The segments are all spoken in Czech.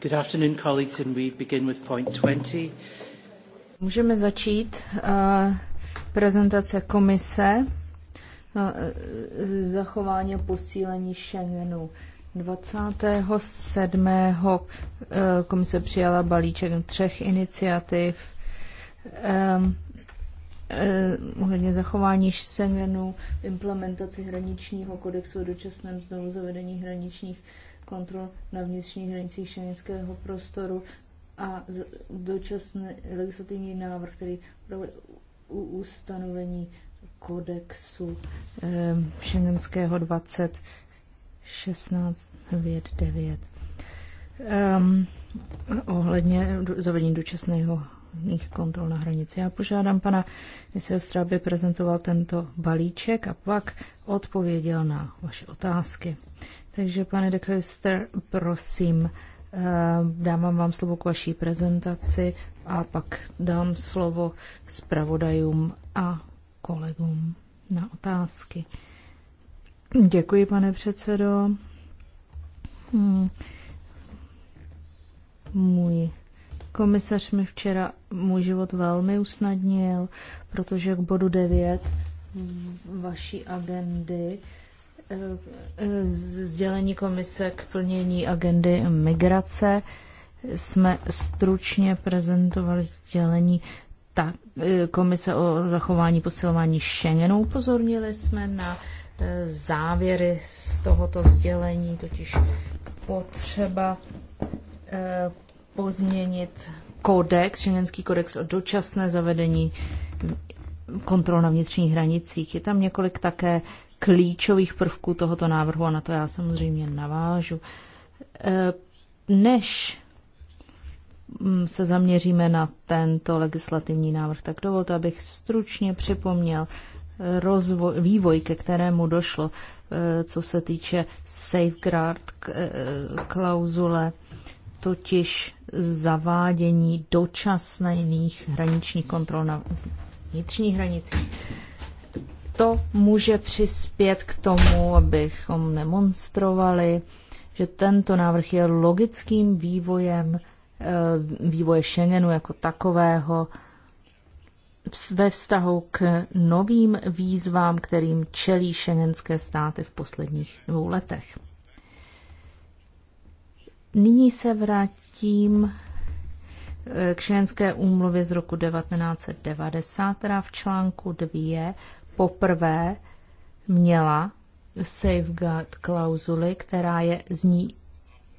Good afternoon, colleagues, and we begin with point 20. Můžeme začít uh, prezentace komise uh, zachování a posílení Schengenu. 27. Eh, komise přijala balíček třech iniciativ um, uh, zachování Schengenu, implementaci hraničního kodexu dočasném znovu zavedení hraničních kontrol na vnitřních hranicích šengenského prostoru a dočasný legislativní návrh, který u ustanovení kodexu ehm, šengenského 20 16 9 ohledně zavedení dočasného kontrol na hranici. Já požádám pana Nisevstra, aby prezentoval tento balíček a pak odpověděl na vaše otázky. Takže, pane de Koester, prosím, eh, dávám vám slovo k vaší prezentaci a pak dám slovo zpravodajům a kolegům na otázky. Děkuji, pane předsedo. Hmm. Můj komisař mi včera můj život velmi usnadnil, protože k bodu 9 vaší agendy Sdělení komise k plnění agendy migrace jsme stručně prezentovali sdělení ta eh, komise o zachování posilování Schengenu. Upozornili jsme na eh, závěry z tohoto sdělení, totiž potřeba eh, pozměnit kodex, šengenský kodex o dočasné zavedení kontrol na vnitřních hranicích. Je tam několik také klíčových prvků tohoto návrhu a na to já samozřejmě navážu. E, než mm, se zaměříme na tento legislativní návrh, tak dovolte, abych stručně připomněl rozvoj, vývoj, ke kterému došlo, e, co se týče safeguard e, klauzule, totiž zavádění dočasných hraničních kontrol na vnitřních hranicích to může přispět k tomu, abychom nemonstrovali, že tento návrh je logickým vývojem eh, vývoje Schengenu jako takového ve vztahu k novým výzvám, kterým čelí šengenské státy v posledních dvou letech. Nyní se vrátím eh, k šengenské úmluvě z roku 1990, teda v článku 2 poprvé měla safeguard klauzuly, která je zní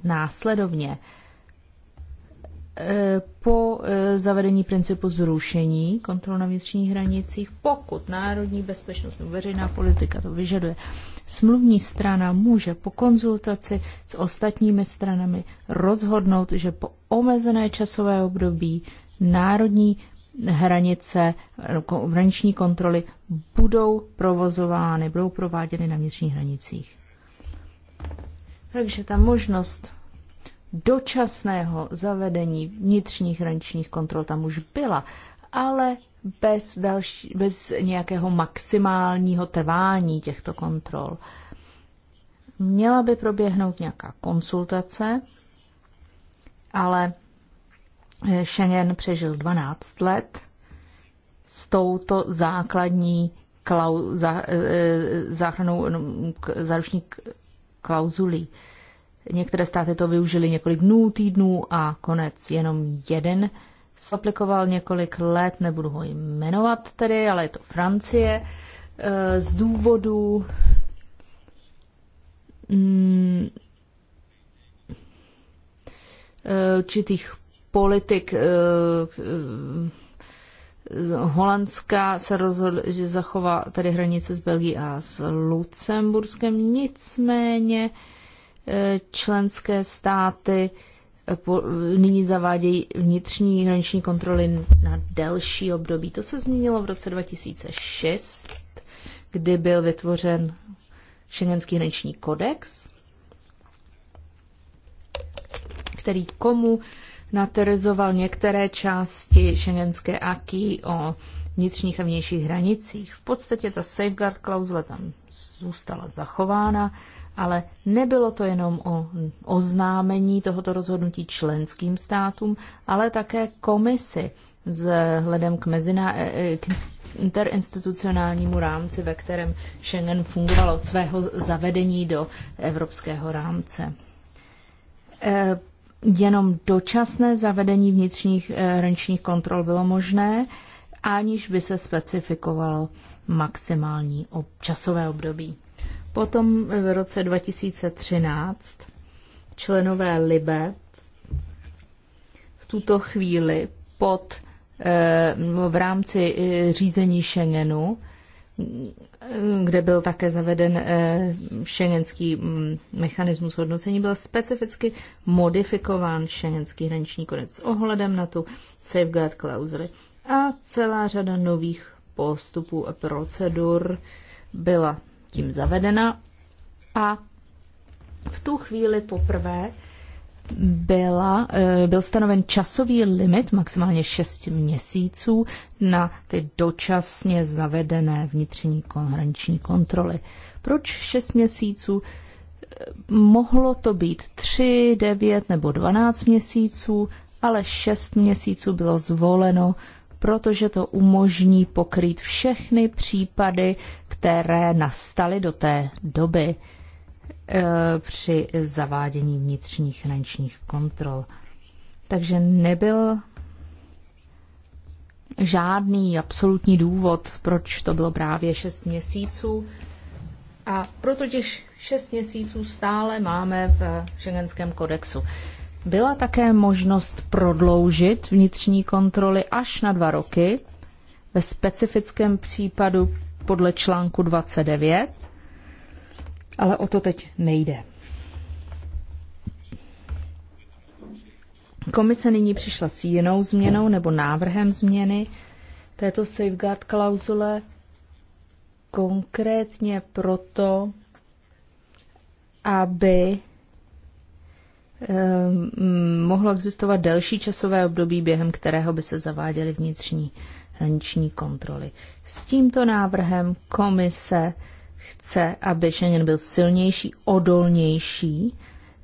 následovně. E, po e, zavedení principu zrušení kontrol na vnitřních hranicích, pokud národní bezpečnost nebo veřejná politika to vyžaduje, smluvní strana může po konzultaci s ostatními stranami rozhodnout, že po omezené časové období národní hranice, hraniční kontroly budou provozovány, budou prováděny na vnitřních hranicích. Takže ta možnost dočasného zavedení vnitřních hraničních kontrol tam už byla, ale bez, další, bez nějakého maximálního trvání těchto kontrol. Měla by proběhnout nějaká konsultace, ale Schengen přežil 12 let s touto základní klau, zá, e, e, záchranou záruční klauzulí. Některé státy to využili několik dnů, týdnů a konec jenom jeden aplikoval několik let, nebudu ho jmenovat tedy, ale je to Francie, e, z důvodu mm, určitých politik eh, Holandska se rozhodl, že zachová tady hranice s Belgií a s Lucemburskem. Nicméně eh, členské státy eh, nyní zavádějí vnitřní hraniční kontroly na delší období. To se změnilo v roce 2006, kdy byl vytvořen Schengenský hraniční kodex, který komu naterizoval některé části šengenské aky o vnitřních a vnějších hranicích. V podstatě ta safeguard klauzule tam zůstala zachována, ale nebylo to jenom o oznámení tohoto rozhodnutí členským státům, ale také komisi vzhledem k, mezina, e, e, k interinstitucionálnímu rámci, ve kterém Schengen fungoval od svého zavedení do evropského rámce. E, jenom dočasné zavedení vnitřních eh, hraničních kontrol bylo možné, aniž by se specifikovalo maximální časové období. Potom v roce 2013 členové Libe v tuto chvíli pod eh, v rámci eh, řízení Schengenu kde byl také zaveden eh, šengenský mm, mechanismus hodnocení, byl specificky modifikován šengenský hraniční konec s ohledem na tu safeguard klauzuli. A celá řada nových postupů a procedur byla tím zavedena a v tu chvíli poprvé byla, eh, byl stanoven časový limit maximálně 6 měsíců na ty dočasně zavedené vnitřní konhranční kontroly. Proč 6 měsíců? Eh, mohlo to být 3, 9 nebo 12 měsíců, ale 6 měsíců bylo zvoleno, protože to umožní pokrýt všechny případy, které nastaly do té doby. Eh, při zavádění vnitřních hraničních kontrol. Takže nebyl žádný absolutní důvod, proč to bylo právě 6 měsíců. A proto těch 6 měsíců stále máme v Schengenském kodexu. Byla také možnost prodloužit vnitřní kontroly až na dva roky, ve specifickém případu podle článku 29 ale o to teď nejde. Komise nyní přišla s jinou změnou nebo návrhem změny této safeguard klauzule konkrétně proto, aby ehm, mohlo existovat delší časové období, během kterého by se zaváděly vnitřní hraniční kontroly. S tímto návrhem komise chce, aby Schengen byl silnější, odolnější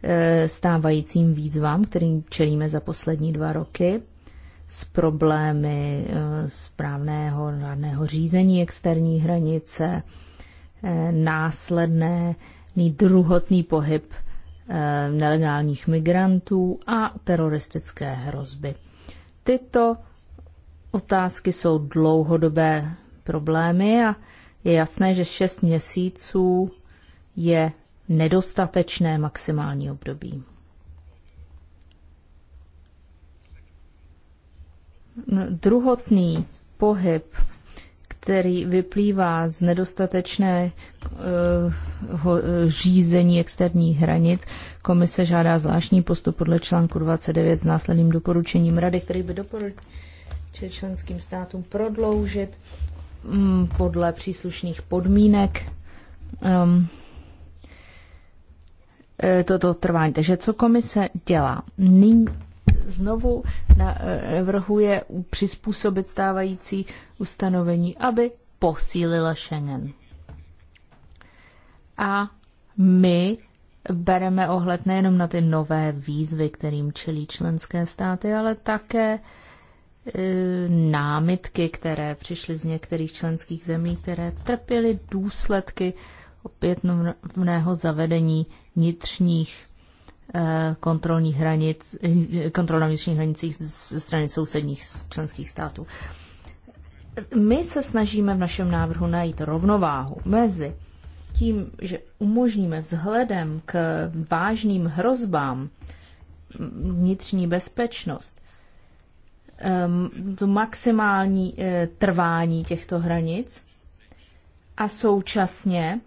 eh, stávajícím výzvám, kterým čelíme za poslední dva roky, s problémy eh, správného řádného řízení externí hranice, eh, následné druhotný pohyb nelegálních migrantů a teroristické hrozby. Tyto otázky jsou dlouhodobé problémy a je jasné, že 6 měsíců je nedostatečné maximální období. Druhotný pohyb, který vyplývá z nedostatečné eh, eh, řízení externích hranic, komise žádá zvláštní postup podle článku 29 s následným doporučením rady, který by doporučil členským státům prodloužit Mm, podle příslušných podmínek. Um, e, toto trvání. Takže co komise dělá? Nyní znovu e, navrhuje přizpůsobit stávající ustanovení, aby posílila Schengen. A my bereme ohled nejenom na ty nové výzvy, kterým čelí členské státy, ale také Eh, námitky, které přišly z některých členských zemí, které trpěly důsledky opětnovného zavedení vnitřních eh, kontrolních hranic, eh, kontrol na vnitřních hranicích ze strany sousedních členských států. My se snažíme v našem návrhu najít rovnováhu mezi tím, že umožníme vzhledem k vážným hrozbám vnitřní bezpečnost, to um, maximální eh, trvání těchto hranic a současně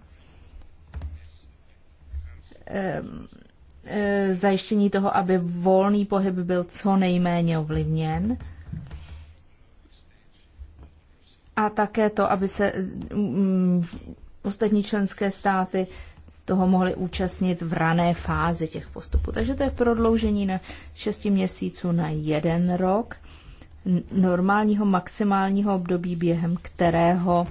eh, zajištění toho, aby volný pohyb byl co nejméně ovlivněn a také to, aby se mm, ostatní členské státy toho mohly účastnit v rané fázi těch postupů. Takže to je prodloužení na 6 měsíců na jeden rok normálního maximálního období, během kterého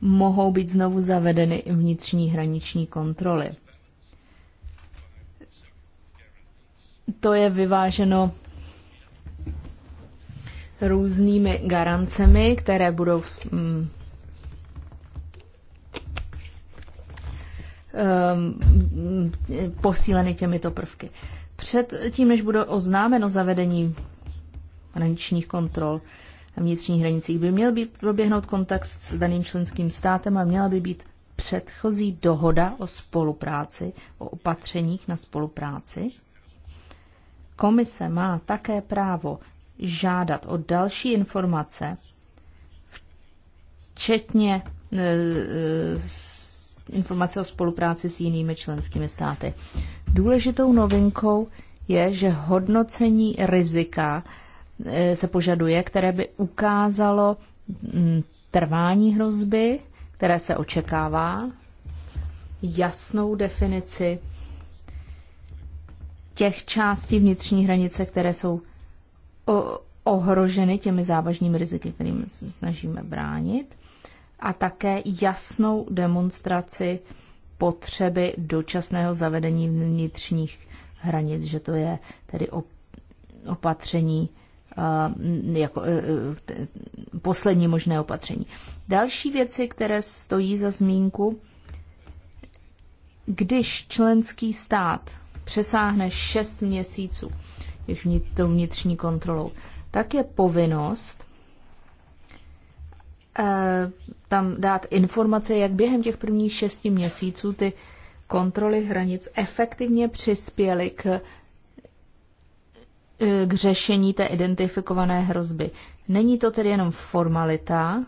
mohou být znovu zavedeny vnitřní hraniční kontroly. To je vyváženo různými garancemi, které budou um, posíleny těmito prvky. Předtím než bude oznámeno zavedení hraničních kontrol na vnitřních hranicích by měl být proběhnout kontakt s daným členským státem a měla by být předchozí dohoda o spolupráci, o opatřeních na spolupráci. Komise má také právo žádat o další informace, včetně e, e, informace o spolupráci s jinými členskými státy. Důležitou novinkou je, že hodnocení rizika Eh, se požaduje, které by ukázalo mm, trvání hrozby, které se očekává, jasnou definici těch částí vnitřní hranice, které jsou ohroženy těmi závažnými riziky, kterým se snažíme bránit, a také jasnou demonstraci potřeby dočasného zavedení vnitřních hranic, že to je tedy opatření jako e, e, poslední možné opatření. Další věci, které stojí za zmínku, když členský stát přesáhne 6 měsíců jež tou vnitřní kontrolou, tak je povinnost e, tam dát informace, jak během těch prvních šesti měsíců ty kontroly hranic efektivně přispěly k k řešení té identifikované hrozby. Není to tedy jenom formalita,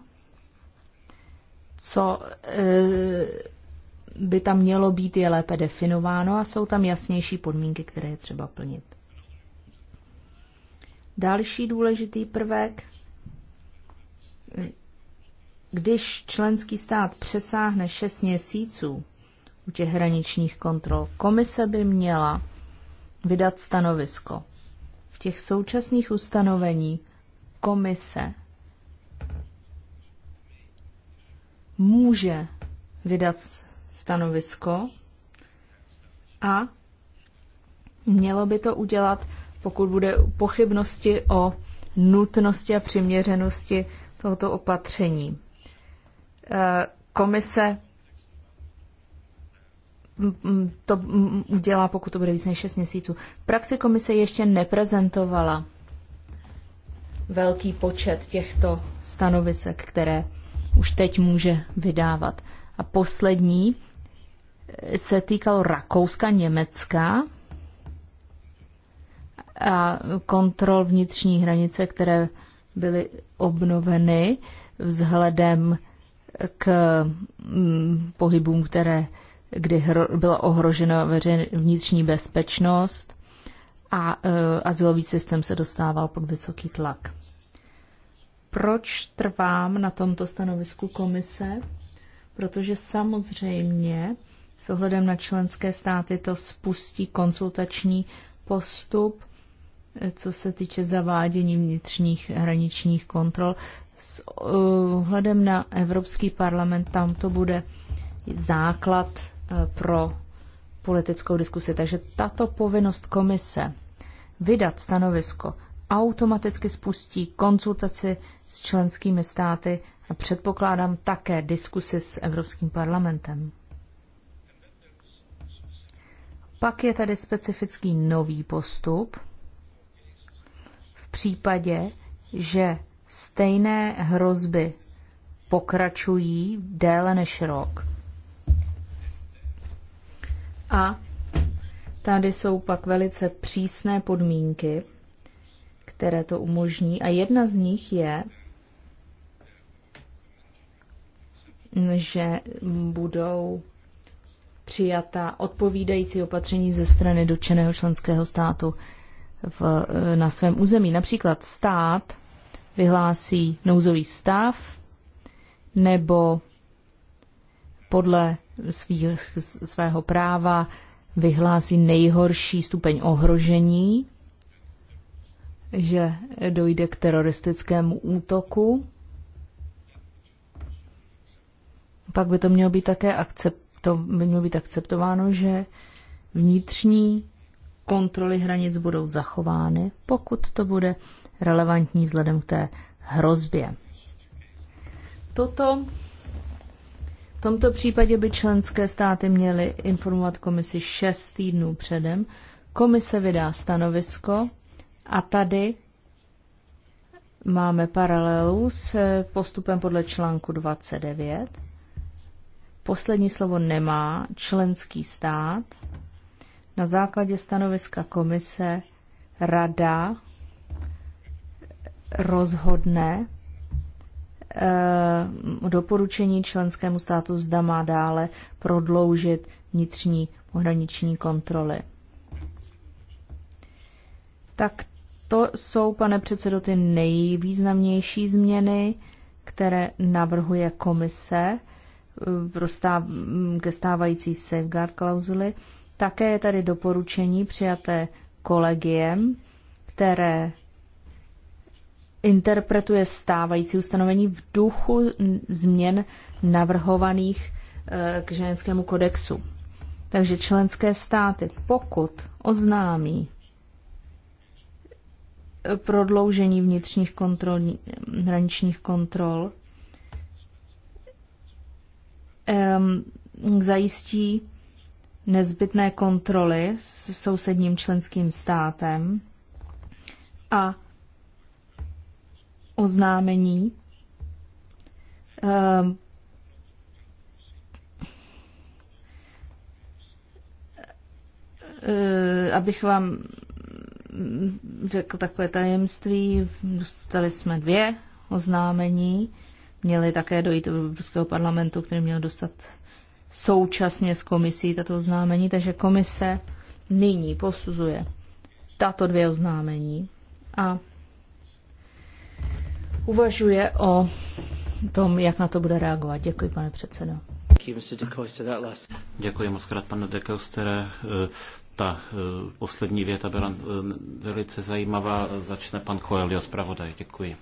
co e, by tam mělo být, je lépe definováno a jsou tam jasnější podmínky, které je třeba plnit. Další důležitý prvek, když členský stát přesáhne 6 měsíců u těch hraničních kontrol, komise by měla vydat stanovisko těch současných ustanovení komise může vydat stanovisko a mělo by to udělat, pokud bude pochybnosti o nutnosti a přiměřenosti tohoto opatření. Eh, komise to udělá, pokud to bude víc než 6 měsíců. V praxi komise ještě neprezentovala velký počet těchto stanovisek, které už teď může vydávat. A poslední eh, se týkal Rakouska, Německa a kontrol vnitřní hranice, které byly obnoveny vzhledem k mm, pohybům, které kdy byla ohrožena veřejn, vnitřní bezpečnost a e, asilový systém se dostával pod vysoký tlak. Proč trvám na tomto stanovisku komise? Protože samozřejmě s ohledem na členské státy to spustí konsultační postup, e, co se týče zavádění vnitřních hraničních kontrol. S e, ohledem na Evropský parlament tam to bude základ Eh, pro politickou diskusi. Takže tato povinnost komise vydat stanovisko automaticky spustí konzultaci s členskými státy a předpokládám také diskusy s Evropským parlamentem. Pak je tady specifický nový postup. V případě, že stejné hrozby pokračují déle než rok, a tady jsou pak velice přísné podmínky, které to umožní. A jedna z nich je, že budou přijata odpovídající opatření ze strany dotčeného členského státu v, na svém území. Například stát vyhlásí nouzový stav nebo podle svých, svého práva vyhlásí nejhorší stupeň ohrožení, že dojde k teroristickému útoku. Pak by to mělo být také akcepto, by mělo být akceptováno, že vnitřní kontroly hranic budou zachovány, pokud to bude relevantní vzhledem k té hrozbě. Toto v tomto případě by členské státy měly informovat komisi 6 týdnů předem. Komise vydá stanovisko a tady máme paralelu s postupem podle článku 29. Poslední slovo nemá členský stát. Na základě stanoviska komise rada rozhodne Eh, doporučení členskému státu zda má dále prodloužit vnitřní pohraniční kontroly. Tak to jsou, pane předsedo, ty nejvýznamnější změny, které navrhuje komise eh, ke stávající safeguard klauzuly. Také je tady doporučení přijaté kolegiem, které interpretuje stávající ustanovení v duchu změn navrhovaných eh, k ženskému kodexu. Takže členské státy, pokud oznámí eh, prodloužení vnitřních kontrol, hraničních kontrol, ehm, zajistí nezbytné kontroly s sousedním členským státem a oznámení. Um, abych vám řekl takové tajemství, dostali jsme dvě oznámení, měli také dojít do Evropského parlamentu, který měl dostat současně s komisí tato oznámení, takže komise nyní posuzuje tato dvě oznámení a uvažuje o tom, jak na to bude reagovat. Děkuji, pane předsedo. Děkuji moc krát, pane Dekostere. Eh, ta eh, poslední věta byla eh, velice zajímavá. Začne pan Koelio, zpravodaj. Děkuji.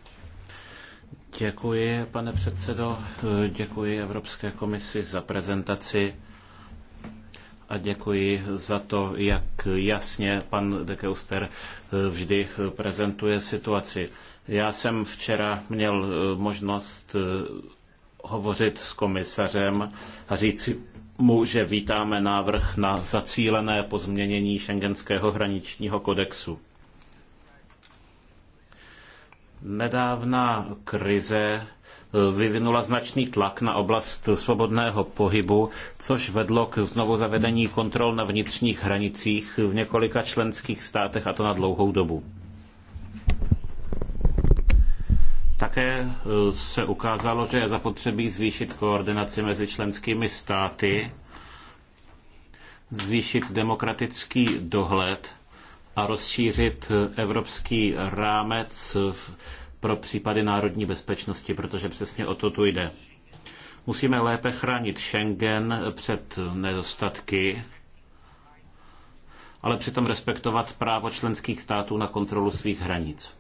Děkuji, pane předsedo. Děkuji Evropské komisi za prezentaci a děkuji za to, jak jasně pan Dekeuster vždy prezentuje situaci. Já jsem včera měl eh, možnost eh, hovořit s komisařem a říci mu, že vítáme návrh na zacílené pozměnění šengenského hraničního kodexu. Nedávná krize eh, vyvinula značný tlak na oblast svobodného pohybu, což vedlo k znovu zavedení kontrol na vnitřních hranicích v několika členských státech, a to na dlouhou dobu. Také e, se ukázalo, že je zapotřebí zvýšit koordinaci mezi členskými státy, zvýšit demokratický dohled a rozšířit evropský rámec pro případy národní bezpečnosti, protože přesně o to tu jde. Musíme lépe chránit Schengen před nedostatky, ale přitom respektovat právo členských států na kontrolu svých hranic.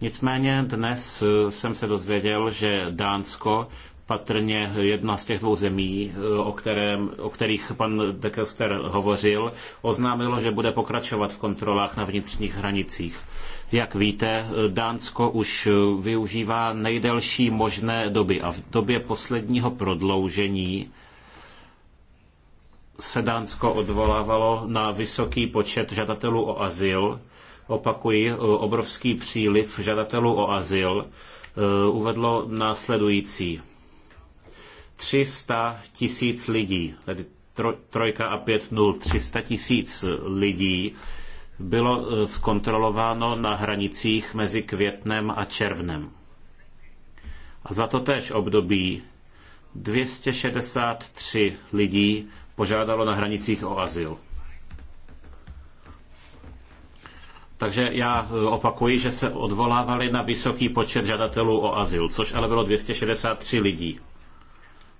Nicméně dnes eh, jsem se dozvěděl, že Dánsko patrně jedna z těch dvou zemí, eh, o, kterém, o kterých pan Dekester hovořil, oznámilo, že bude pokračovat v kontrolách na vnitřních hranicích. Jak víte, eh, Dánsko už využívá nejdelší možné doby a v době posledního prodloužení se Dánsko odvolávalo na vysoký počet žadatelů o azyl opakuji, eh, obrovský příliv žadatelů o azyl eh, uvedlo následující. 300 tisíc lidí, tedy trojka a pět nul, 300 tisíc lidí bylo eh, zkontrolováno na hranicích mezi květnem a červnem. A za to též období 263 lidí požádalo na hranicích o azyl. Takže já e, opakuji, že se odvolávali na vysoký počet žadatelů o azyl, což ale bylo 263 lidí.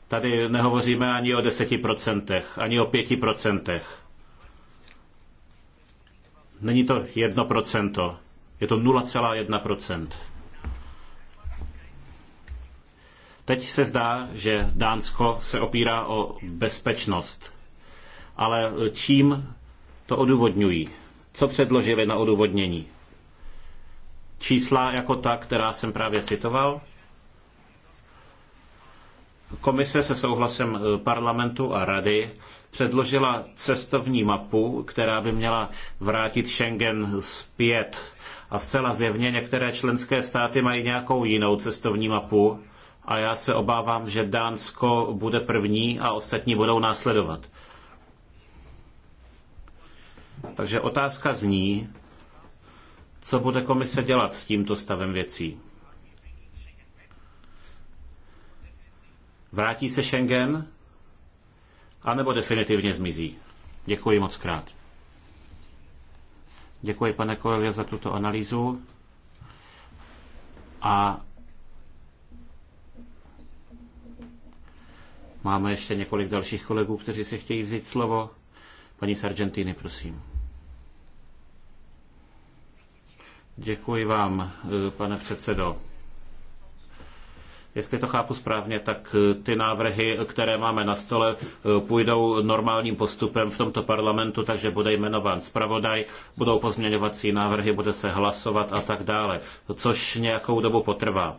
Tady nehovoříme ani o 10%, ani o 5%. Není to 1%, je to 0,1%. Teď se zdá, že Dánsko se opírá o bezpečnost. Ale e, čím to odůvodňují? co předložili na odůvodnění. Čísla jako ta, která jsem právě citoval. Komise se souhlasem eh, parlamentu a rady předložila cestovní mapu, která by měla vrátit Schengen zpět. A zcela zjevně některé členské státy mají nějakou jinou cestovní mapu a já se obávám, že Dánsko bude první a ostatní budou následovat. Takže otázka zní, co bude komise dělat s tímto stavem věcí? Vrátí se Schengen? A nebo definitivně zmizí? Děkuji moc krát. Děkuji, pane Koelio, za tuto analýzu. A máme ještě několik dalších kolegů, kteří si chtějí vzít slovo. Paní Argentiny, prosím. Děkuji vám, eh, pane předsedo. Jestli to chápu správně, tak eh, ty návrhy, které máme na stole, eh, půjdou normálním postupem v tomto parlamentu, takže bude jmenován zpravodaj, budou pozměňovací návrhy, bude se hlasovat a tak dále, což nějakou dobu potrvá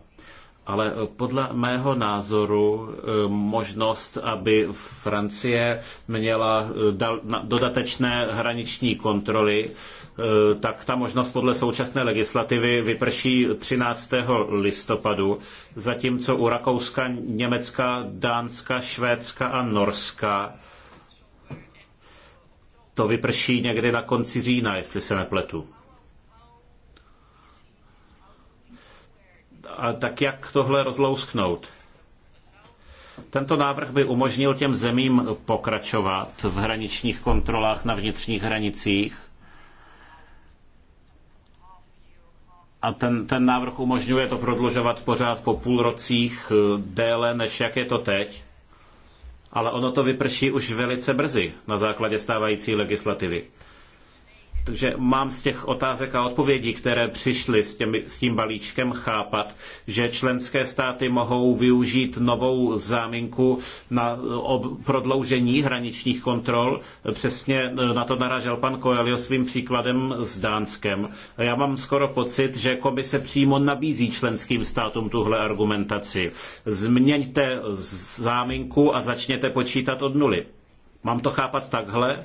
ale eh, podle mého názoru eh, možnost, aby Francie měla eh, dodatečné hraniční kontroly, tak ta možnost podle současné legislativy vyprší 13. listopadu, zatímco u Rakouska, Německa, Dánska, Švédska a Norska to vyprší někdy na konci října, jestli se nepletu. A tak jak tohle rozlousknout? Tento návrh by umožnil těm zemím pokračovat v hraničních kontrolách na vnitřních hranicích. A ten, ten návrh umožňuje to prodlužovat pořád po půl rocích eh, déle, než jak je to teď. Ale ono to vyprší už velice brzy na základě stávající legislativy. Takže mám z těch otázek a odpovědí, které přišly s, těmi, s tím balíčkem, chápat, že členské státy mohou využít novou záminku na ob, prodloužení hraničních kontrol. Přesně e, na to narážel pan Coelho svým příkladem s Dánskem. A já mám skoro pocit, že komise přímo nabízí členským státům tuhle argumentaci. Změňte záminku a začněte počítat od nuly. Mám to chápat takhle?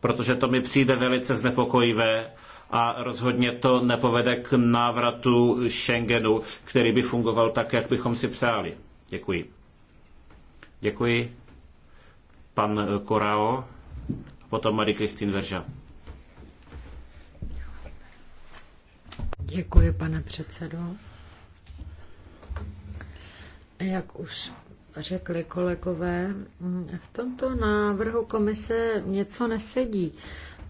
protože to mi přijde velice znepokojivé a rozhodně to nepovede k návratu Schengenu, který by fungoval tak, jak bychom si přáli. Děkuji. Děkuji. Pan Korao, potom Marie Kristin Verža. Děkuji, pane předsedo. Jak už řekli kolegové, mm, v tomto návrhu komise něco nesedí.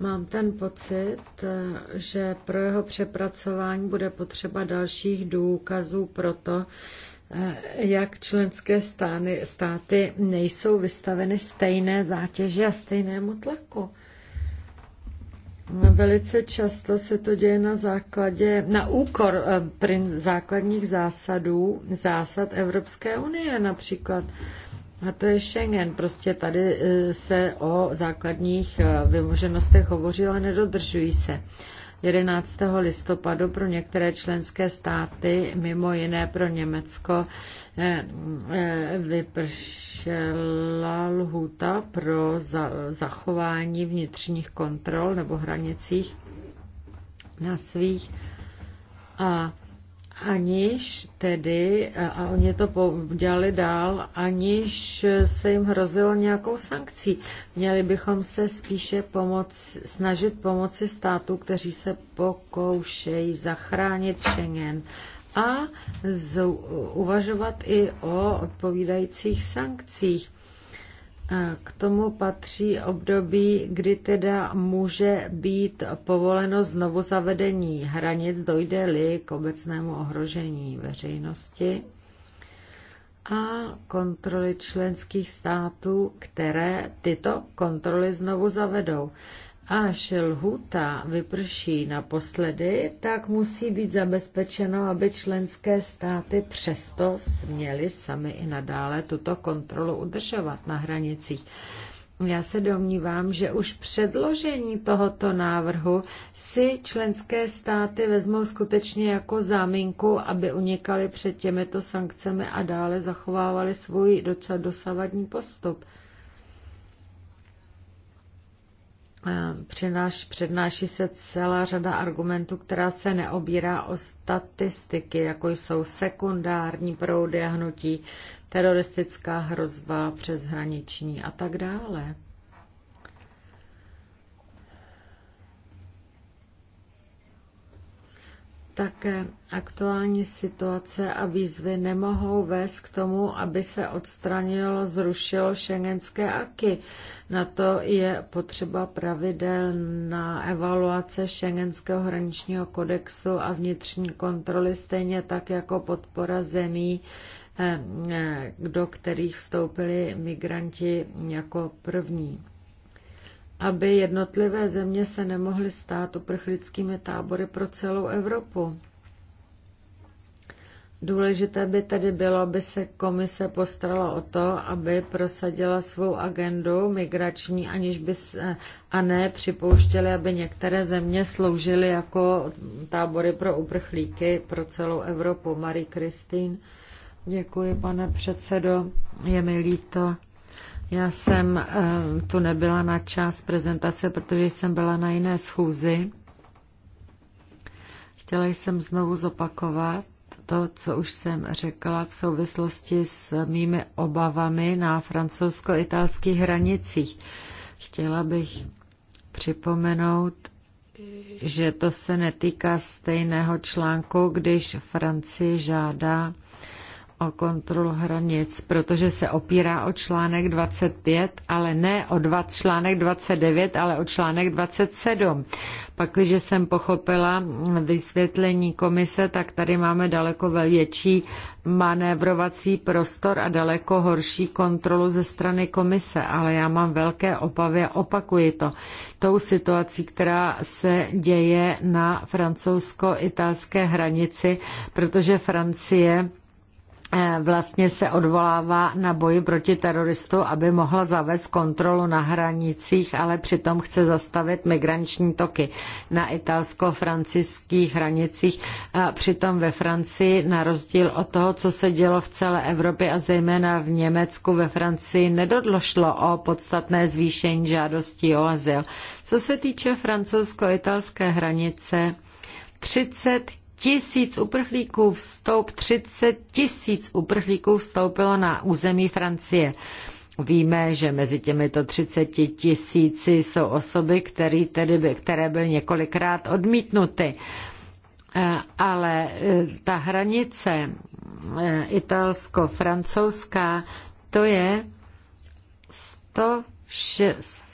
Mám ten pocit, že pro jeho přepracování bude potřeba dalších důkazů pro to, eh, jak členské stány, státy nejsou vystaveny stejné zátěži a stejnému tlaku. Velice často se to děje na základě, na úkor eh, základních zásadů, zásad Evropské unie například. A to je Schengen. Prostě tady eh, se o základních eh, vymoženostech hovoří, ale nedodržují se. 11. listopadu pro některé členské státy, mimo jiné pro Německo, eh, eh, vypršela lhůta pro zachování vnitřních kontrol nebo hranicích na svých a aniž tedy, a oni to dělali dál, aniž se jim hrozilo nějakou sankcí. Měli bychom se spíše pomoc, snažit pomoci států, kteří se pokoušejí zachránit Schengen a z, uvažovat i o odpovídajících sankcích k tomu patří období, kdy teda může být povoleno znovu zavedení hranic, dojde-li k obecnému ohrožení veřejnosti a kontroly členských států, které tyto kontroly znovu zavedou až lhuta vyprší naposledy, tak musí být zabezpečeno, aby členské státy přesto měly sami i nadále tuto kontrolu udržovat na hranicích. Já se domnívám, že už předložení tohoto návrhu si členské státy vezmou skutečně jako záminku, aby unikali před těmito sankcemi a dále zachovávali svůj docela dosavadní postup. Eh, přednáší se celá řada argumentů, která se neobírá o statistiky, jako jsou sekundární proudy a hnutí, teroristická hrozba hraniční a tak dále. Také aktuální situace a výzvy nemohou vést k tomu, aby se odstranilo, zrušilo šengenské aky. Na to je potřeba pravidelná evaluace šengenského hraničního kodexu a vnitřní kontroly, stejně tak jako podpora zemí, eh, eh, do kterých vstoupili migranti jako první aby jednotlivé země se nemohly stát uprchlickými tábory pro celou Evropu. Důležité by tedy bylo, aby se komise postarala o to, aby prosadila svou agendu migrační, aniž by se, a ne připouštěli, aby některé země sloužily jako tábory pro uprchlíky pro celou Evropu. Marie Kristýn, děkuji, pane předsedo, je mi líto já jsem eh, tu nebyla na čas prezentace, protože jsem byla na jiné schůzi. Chtěla jsem znovu zopakovat to, co už jsem řekla v souvislosti s mými obavami na francouzsko-italských hranicích. Chtěla bych připomenout, že to se netýká stejného článku, když Francie žádá o kontrolu hranic, protože se opírá o článek 25, ale ne o dva, článek 29, ale o článek 27. Pak, když jsem pochopila vysvětlení komise, tak tady máme daleko větší manévrovací prostor a daleko horší kontrolu ze strany komise, ale já mám velké opavy a opakuji to. Tou situací, která se děje na francouzsko-italské hranici, protože Francie Eh, vlastně se odvolává na boji proti teroristu, aby mohla zavést kontrolu na hranicích, ale přitom chce zastavit migranční toky na italsko-francouzských hranicích. A eh, přitom ve Francii, na rozdíl od toho, co se dělo v celé Evropě a zejména v Německu, ve Francii nedodlošlo o podstatné zvýšení žádostí o azyl. Co se týče francouzsko-italské hranice, 30 tisíc uprchlíků vstoup, 30 tisíc uprchlíků vstoupilo na území Francie. Víme, že mezi těmito 30 tisíci jsou osoby, které, tedy by, které byly několikrát odmítnuty. Eh, ale eh, ta hranice eh, italsko-francouzská, to je 106.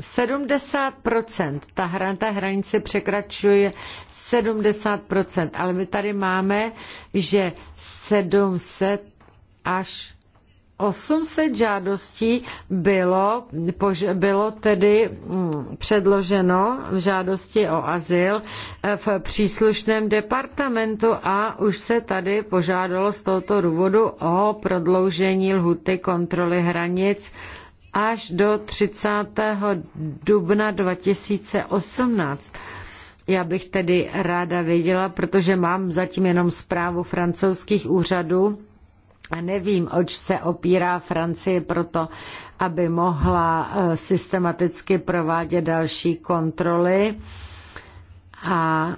70%, ta, hra, ta hranice překračuje 70%, ale my tady máme, že 700 až 800 žádostí bylo, bylo tedy mm, předloženo v žádosti o azyl eh, v příslušném departamentu a už se tady požádalo z tohoto důvodu o prodloužení lhuty kontroly hranic až do 30. dubna 2018. Já bych tedy ráda věděla, protože mám zatím jenom zprávu francouzských úřadů, a nevím, oč se opírá Francie proto, aby mohla eh, systematicky provádět další kontroly. A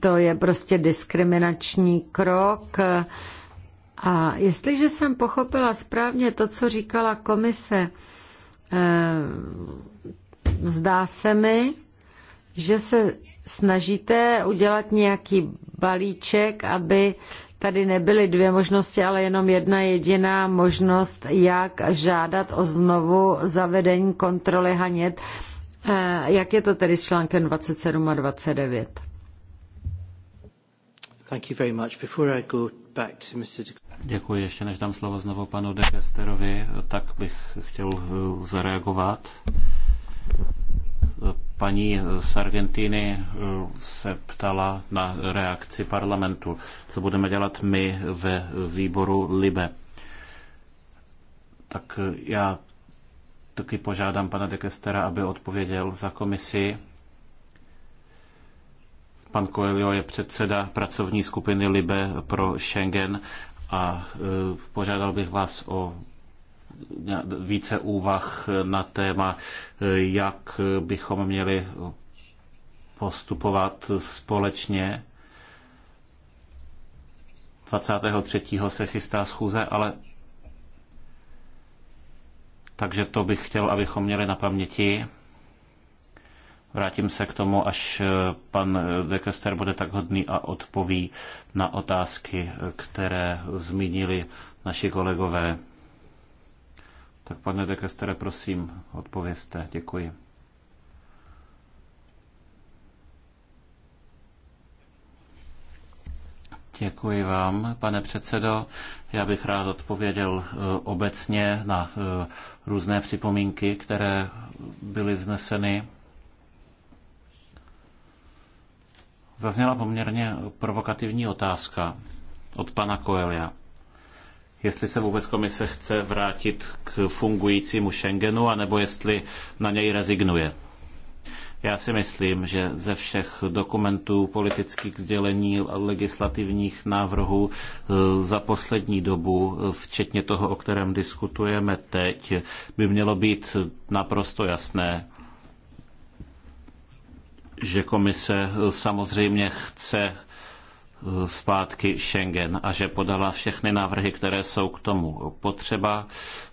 to je prostě diskriminační krok. A jestliže jsem pochopila správně to, co říkala komise, eh, zdá se mi, že se snažíte udělat nějaký balíček, aby tady nebyly dvě možnosti, ale jenom jedna jediná možnost, jak žádat o znovu zavedení kontroly hanět. Eh, jak je to tedy s článkem 27 a 29? Thank you very much. Before I go back to Mr. De... Děkuji. Ještě než dám slovo znovu panu De Kesterovi, tak bych chtěl eh, zareagovat. Paní eh, z Argentiny eh, se ptala na reakci parlamentu, co budeme dělat my ve výboru LIBE. Tak já taky požádám pana De Kestera, aby odpověděl za komisi Pan Coelho je předseda pracovní skupiny Libe pro Schengen a e, požádal bych vás o více úvah na téma, e, jak bychom měli postupovat společně. 23. se chystá schůze, ale takže to bych chtěl, abychom měli na paměti. Vrátím se k tomu, až eh, pan eh, Dekester bude tak hodný a odpoví na otázky, eh, které zmínili naši kolegové. Tak pane Dekestere, prosím, odpovězte. Děkuji. Děkuji vám, pane předsedo. Já bych rád odpověděl obecně na různé připomínky, které byly vzneseny. Zazněla poměrně provokativní otázka od pana Koelia. Jestli se vůbec komise chce vrátit k fungujícímu Schengenu, anebo jestli na něj rezignuje. Já si myslím, že ze všech dokumentů, politických sdělení, legislativních návrhů eh, za poslední dobu, eh, včetně toho, o kterém diskutujeme teď, by mělo být naprosto jasné, že komise eh, samozřejmě chce eh, zpátky Schengen a že podala všechny návrhy, které jsou k tomu potřeba,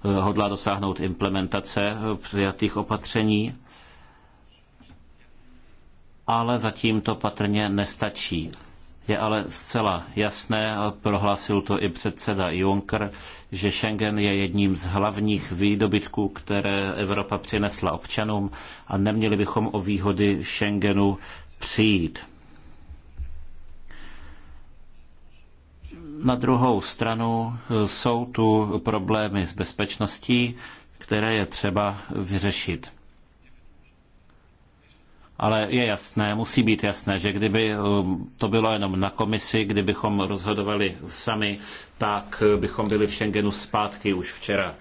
eh, hodla dosáhnout implementace přijatých opatření, ale zatím to patrně nestačí je ale zcela jasné, a prohlásil to i předseda Juncker, že Schengen je jedním z hlavních výdobytků, které Evropa přinesla občanům a neměli bychom o výhody Schengenu přijít. Na druhou stranu e, jsou tu problémy s bezpečností, které je třeba vyřešit ale je jasné, musí být jasné, že kdyby eh, to bylo jenom na komisi, kdybychom rozhodovali sami, tak eh, bychom byli v Schengenu zpátky už včera.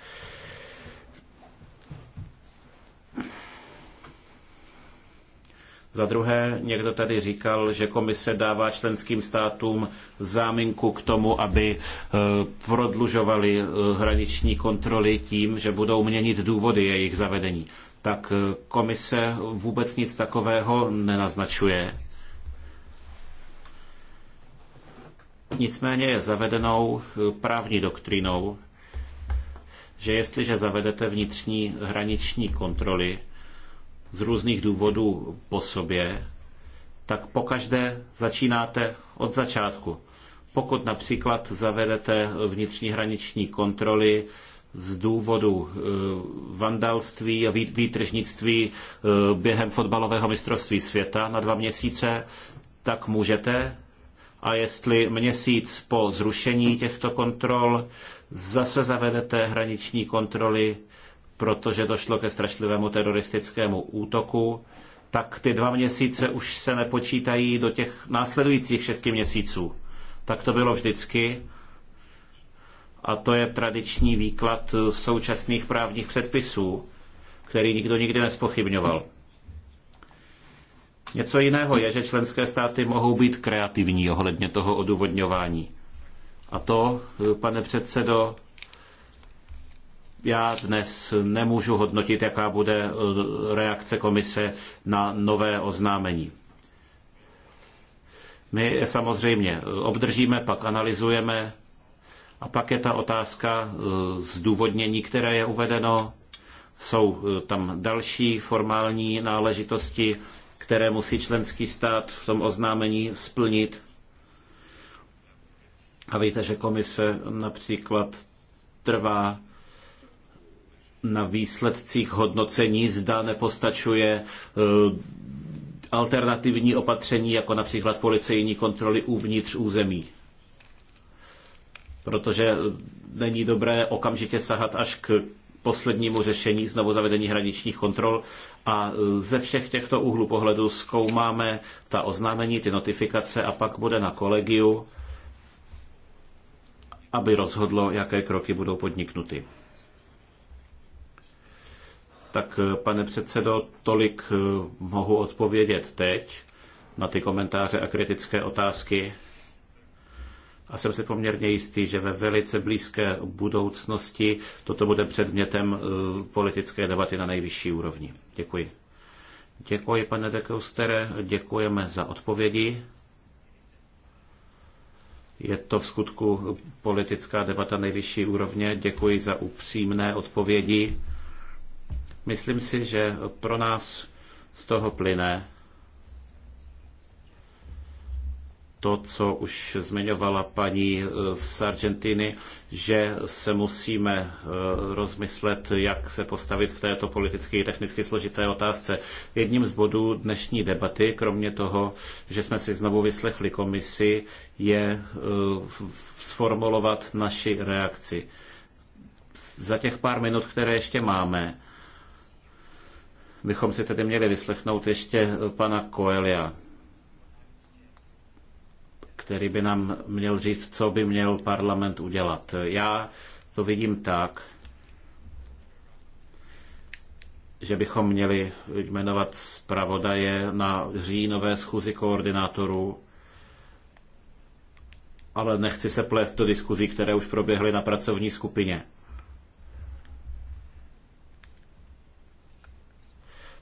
Za druhé, někdo tady říkal, že komise dává členským státům záminku k tomu, aby eh, prodlužovali hraniční kontroly tím, že budou měnit důvody jejich zavedení tak eh, komise vůbec nic takového nenaznačuje. Nicméně je zavedenou eh, právní doktrínou, že jestliže zavedete vnitřní hraniční kontroly z různých důvodů po sobě, tak pokaždé začínáte od začátku. Pokud například zavedete vnitřní hraniční kontroly z důvodu eh, vandalství a výtržnictví eh, během fotbalového mistrovství světa na dva měsíce, tak můžete. A jestli měsíc po zrušení těchto kontrol zase zavedete hraniční kontroly, protože došlo ke strašlivému teroristickému útoku, tak ty dva měsíce už se nepočítají do těch následujících šesti měsíců. Tak to bylo vždycky a to je tradiční výklad současných právních předpisů, který nikdo nikdy nespochybňoval. Něco jiného je, že členské státy mohou být kreativní ohledně toho odůvodňování. A to, pane předsedo, já dnes nemůžu hodnotit, jaká bude reakce komise na nové oznámení. My samozřejmě obdržíme, pak analyzujeme a pak je ta otázka e, zdůvodnění, které je uvedeno. Jsou e, tam další formální náležitosti, které musí členský stát v tom oznámení splnit. A víte, že komise například trvá na výsledcích hodnocení, zda nepostačuje e, alternativní opatření, jako například policejní kontroly uvnitř území protože není dobré okamžitě sahat až k poslednímu řešení znovu zavedení hraničních kontrol a ze všech těchto úhlů pohledu zkoumáme ta oznámení, ty notifikace a pak bude na kolegiu, aby rozhodlo, jaké kroky budou podniknuty. Tak, pane předsedo, tolik eh, mohu odpovědět teď na ty komentáře a kritické otázky a jsem si poměrně jistý, že ve velice blízké budoucnosti toto bude předmětem eh, politické debaty na nejvyšší úrovni. Děkuji. Děkuji, pane Dekoustere, děkujeme za odpovědi. Je to v skutku politická debata nejvyšší úrovně. Děkuji za upřímné odpovědi. Myslím si, že pro nás z toho plyne, to, co už zmiňovala paní eh, z Argentiny, že se musíme eh, rozmyslet, jak se postavit k této politicky i technicky složité otázce. Jedním z bodů dnešní debaty, kromě toho, že jsme si znovu vyslechli komisi, je eh, sformulovat naši reakci. Za těch pár minut, které ještě máme, bychom si tedy měli vyslechnout ještě pana Coelia který by nám měl říct, co by měl parlament udělat. Já to vidím tak, že bychom měli jmenovat zpravodaje na říjnové schůzi koordinátorů, ale nechci se plést do diskuzí, které už proběhly na pracovní skupině.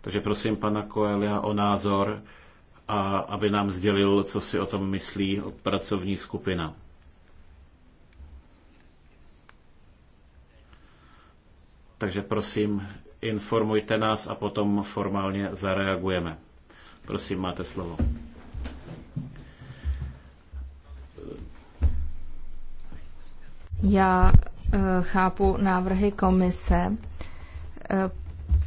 Takže prosím pana Koelia o názor a aby nám sdělil, co si o tom myslí pracovní skupina. Takže prosím, informujte nás a potom formálně zareagujeme. Prosím, máte slovo. Já eh, chápu návrhy komise. Eh,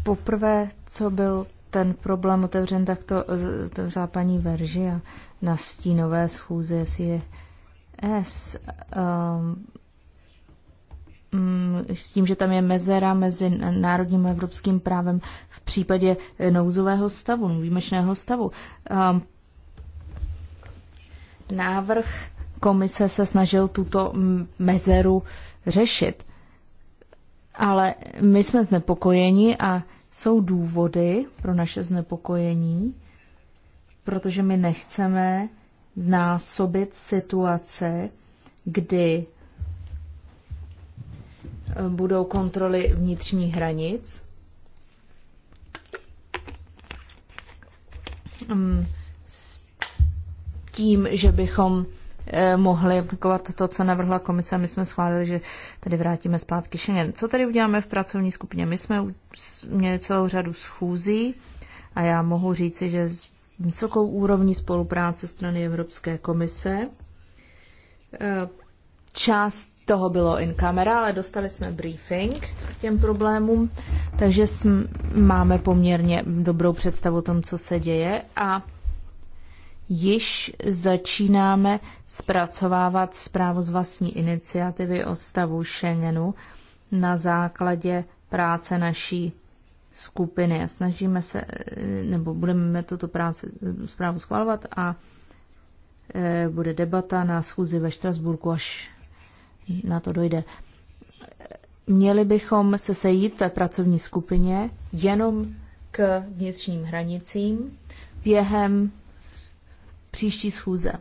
poprvé, co byl ten problém otevřen takto eh, otevřela paní Verži a na stínové schůze si S. Um, s tím, že tam je mezera mezi národním a evropským právem v případě nouzového stavu, výjimečného stavu. Um, návrh komise se snažil tuto mezeru řešit, ale my jsme znepokojeni a jsou důvody pro naše znepokojení, protože my nechceme násobit situace, kdy eh, budou kontroly vnitřních hranic. Mm, s tím, že bychom Eh, mohli aplikovat to, co navrhla komise my jsme schválili, že tady vrátíme zpátky Schengen. Co tady uděláme v pracovní skupině? My jsme měli celou řadu schůzí a já mohu říci, že s vysokou úrovní spolupráce strany Evropské komise. Eh, část toho bylo in kamera, ale dostali jsme briefing k těm problémům, takže jsme, máme poměrně dobrou představu o tom, co se děje a již začínáme zpracovávat zprávu z vlastní iniciativy o stavu Schengenu na základě práce naší skupiny a snažíme se, nebo budeme tuto práci, zprávu schvalovat a e, bude debata na schůzi ve Štrasburku, až na to dojde. Měli bychom se sejít v pracovní skupině jenom k vnitřním hranicím během příští schůze.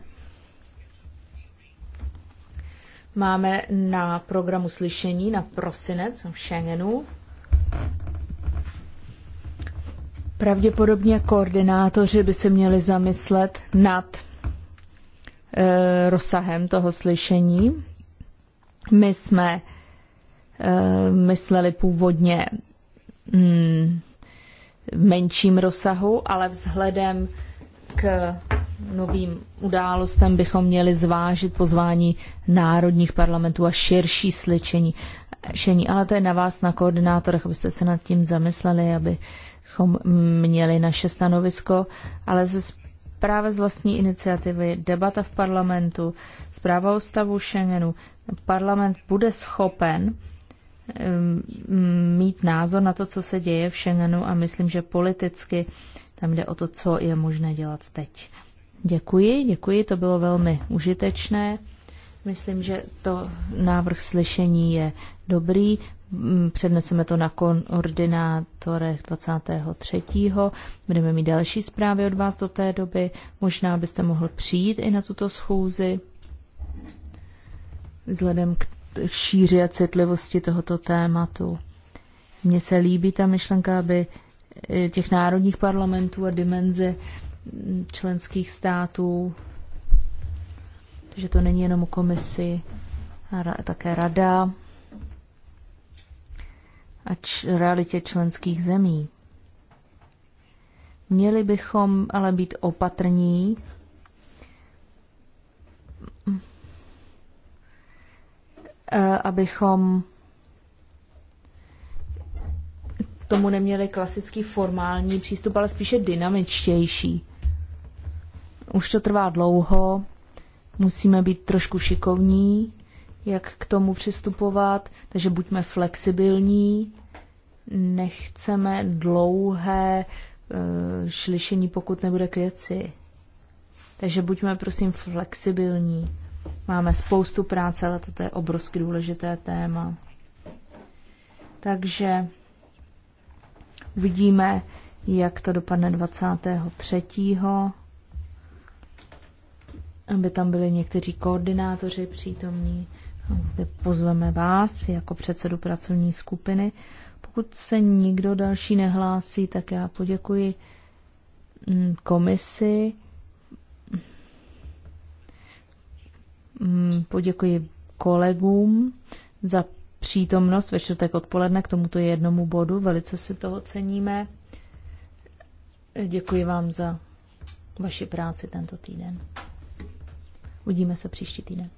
Máme na programu slyšení na prosinec v Schengenu. Pravděpodobně koordinátoři by se měli zamyslet nad e, rozsahem toho slyšení. My jsme e, mysleli původně mm, menším rozsahu, ale vzhledem k novým událostem bychom měli zvážit pozvání národních parlamentů a širší sličení. Šení. Ale to je na vás, na koordinátorech, abyste se nad tím zamysleli, abychom měli naše stanovisko, ale ze zpráva z vlastní iniciativy, debata v parlamentu, zpráva o stavu Schengenu, parlament bude schopen ehm, mít názor na to, co se děje v Schengenu a myslím, že politicky tam jde o to, co je možné dělat teď. Děkuji, děkuji, to bylo velmi užitečné. Myslím, že to návrh slyšení je dobrý. Mm, Předneseme to na koordinátorech 23. Budeme mít další zprávy od vás do té doby. Možná byste mohl přijít i na tuto schůzi. Vzhledem k šíři a citlivosti tohoto tématu. Mně se líbí ta myšlenka, aby eh, těch národních parlamentů a dimenze členských států, takže to není jenom komisi, ale také rada a č- realitě členských zemí. Měli bychom ale být opatrní, eh, abychom k tomu neměli klasický formální přístup, ale spíše dynamičtější. Už to trvá dlouho, musíme být trošku šikovní, jak k tomu přistupovat, takže buďme flexibilní, nechceme dlouhé uh, šlišení, pokud nebude k věci. Takže buďme prosím flexibilní. Máme spoustu práce, ale toto je obrovsky důležité téma. Takže uvidíme, jak to dopadne 23 aby tam byli někteří koordinátoři přítomní. Pozveme vás jako předsedu pracovní skupiny. Pokud se nikdo další nehlásí, tak já poděkuji mm, komisi. Mm, poděkuji kolegům za přítomnost ve čtvrtek odpoledne k tomuto jednomu bodu. Velice si toho ceníme. Děkuji vám za vaši práci tento týden. Uvidíme se příští týden.